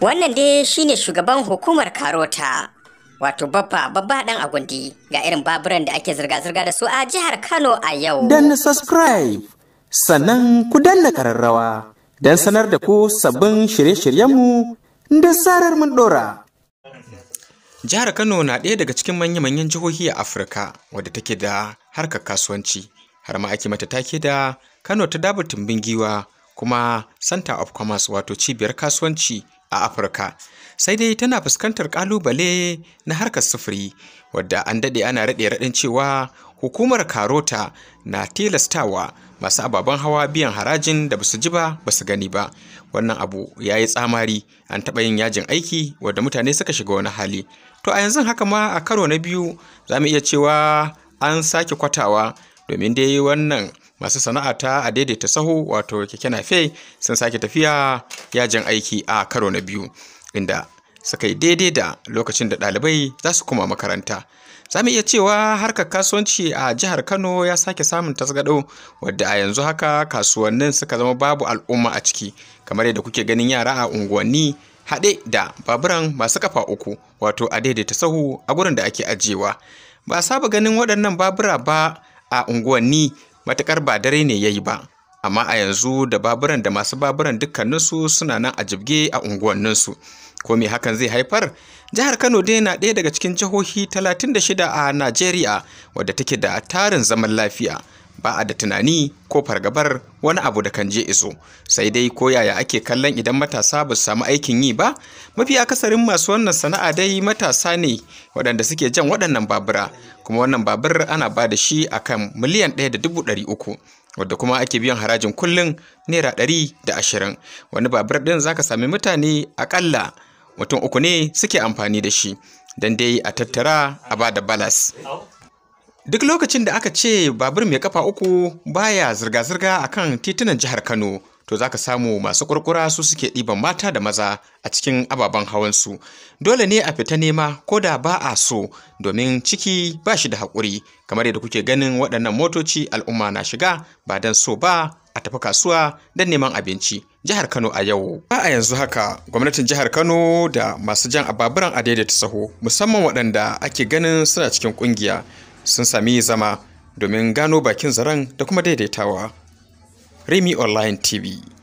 wannan dai shine shugaban hukumar karota wato babba babba dan agundi ga irin baburan da ake zirga-zirga da su a jihar kano a yau na subscribe sannan ku danna kararrawa dan sanar da ku sabbin shirye-shiryenmu da sarar mun dora jihar kano na ɗaya daga cikin manya-manyan jihohi a afirka wadda take da harkar kasuwanci har ma ake mata take da kano ta dabar tumbin giwa kuma center of commerce wato cibiyar kasuwanci a Afirka. Sai dai tana fuskantar ƙalubale na harkar sufuri, wadda an daɗe ana raɗe raɗin cewa hukumar Karota na tilastawa masu ababen hawa biyan harajin da basu ji ba basu gani ba. Wannan abu ya yi tsamari, an taɓa yin yajin aiki wadda mutane suka shiga wani hali. To a yanzu haka ma a karo na biyu za mu iya cewa an sake kwatawa domin dai wannan masu sana'a ta a daidaita saho wato keke na nafe sun sake tafiya yajin aiki a karo na biyu inda suka yi daidai da lokacin da ɗalibai za su kuma makaranta za mu iya cewa harkar kasuwanci a jihar kano ya sake samun tasgado wadda a yanzu haka kasuwannin suka zama babu al'umma a ciki kamar yadda kuke ganin yara a unguwanni haɗe da baburan masu kafa uku wato a daidaita sahu a gurin da ake ajiyewa ba a saba ganin waɗannan babura ba a unguwanni matuƙar ba dare ne ya yi ba amma a yanzu da baburan da masu baburan dukkaninsu suna nan a jibge a unguwanninsu ko me hakan zai haifar jihar kano dai na ɗaya daga cikin jihohi 36 a najeriya wadda take da tarin zaman lafiya ba a da tunani ko fargabar wani abu da kan je iso sai dai ko yaya ake kallon idan matasa ba su samu aikin yi ba mafi akasarin masu wannan sana'a dai matasa ne waɗanda suke jan waɗannan babura kuma wannan babur ana ba da shi a kan miliyan ɗaya da dubu ɗari uku wadda kuma ake biyan harajin kullum naira ɗari da ashirin wani babur ɗin zaka sami mutane aƙalla mutum uku ne suke amfani da shi dan dai a tattara a ba da balas Duk lokacin da aka ce babur mai kafa uku baya zirga-zirga a kan titunan jihar Kano, to za ka samu masu kurkura su suke ɗiban mata da maza a cikin ababen hawansu. Dole ne a fita nema ko da ba a so domin ciki ba shi da haƙuri, kamar yadda kuke ganin waɗannan motoci al'umma na shiga ba don so ba a tafi kasuwa don neman abinci. Jihar Kano a yau. Ba A yanzu haka gwamnatin jihar Kano da masu jan ababuran daidaita saho musamman waɗanda ake ganin suna cikin ƙungiya sun sami zama domin gano bakin zaren da kuma daidaitawa. Remy Online TV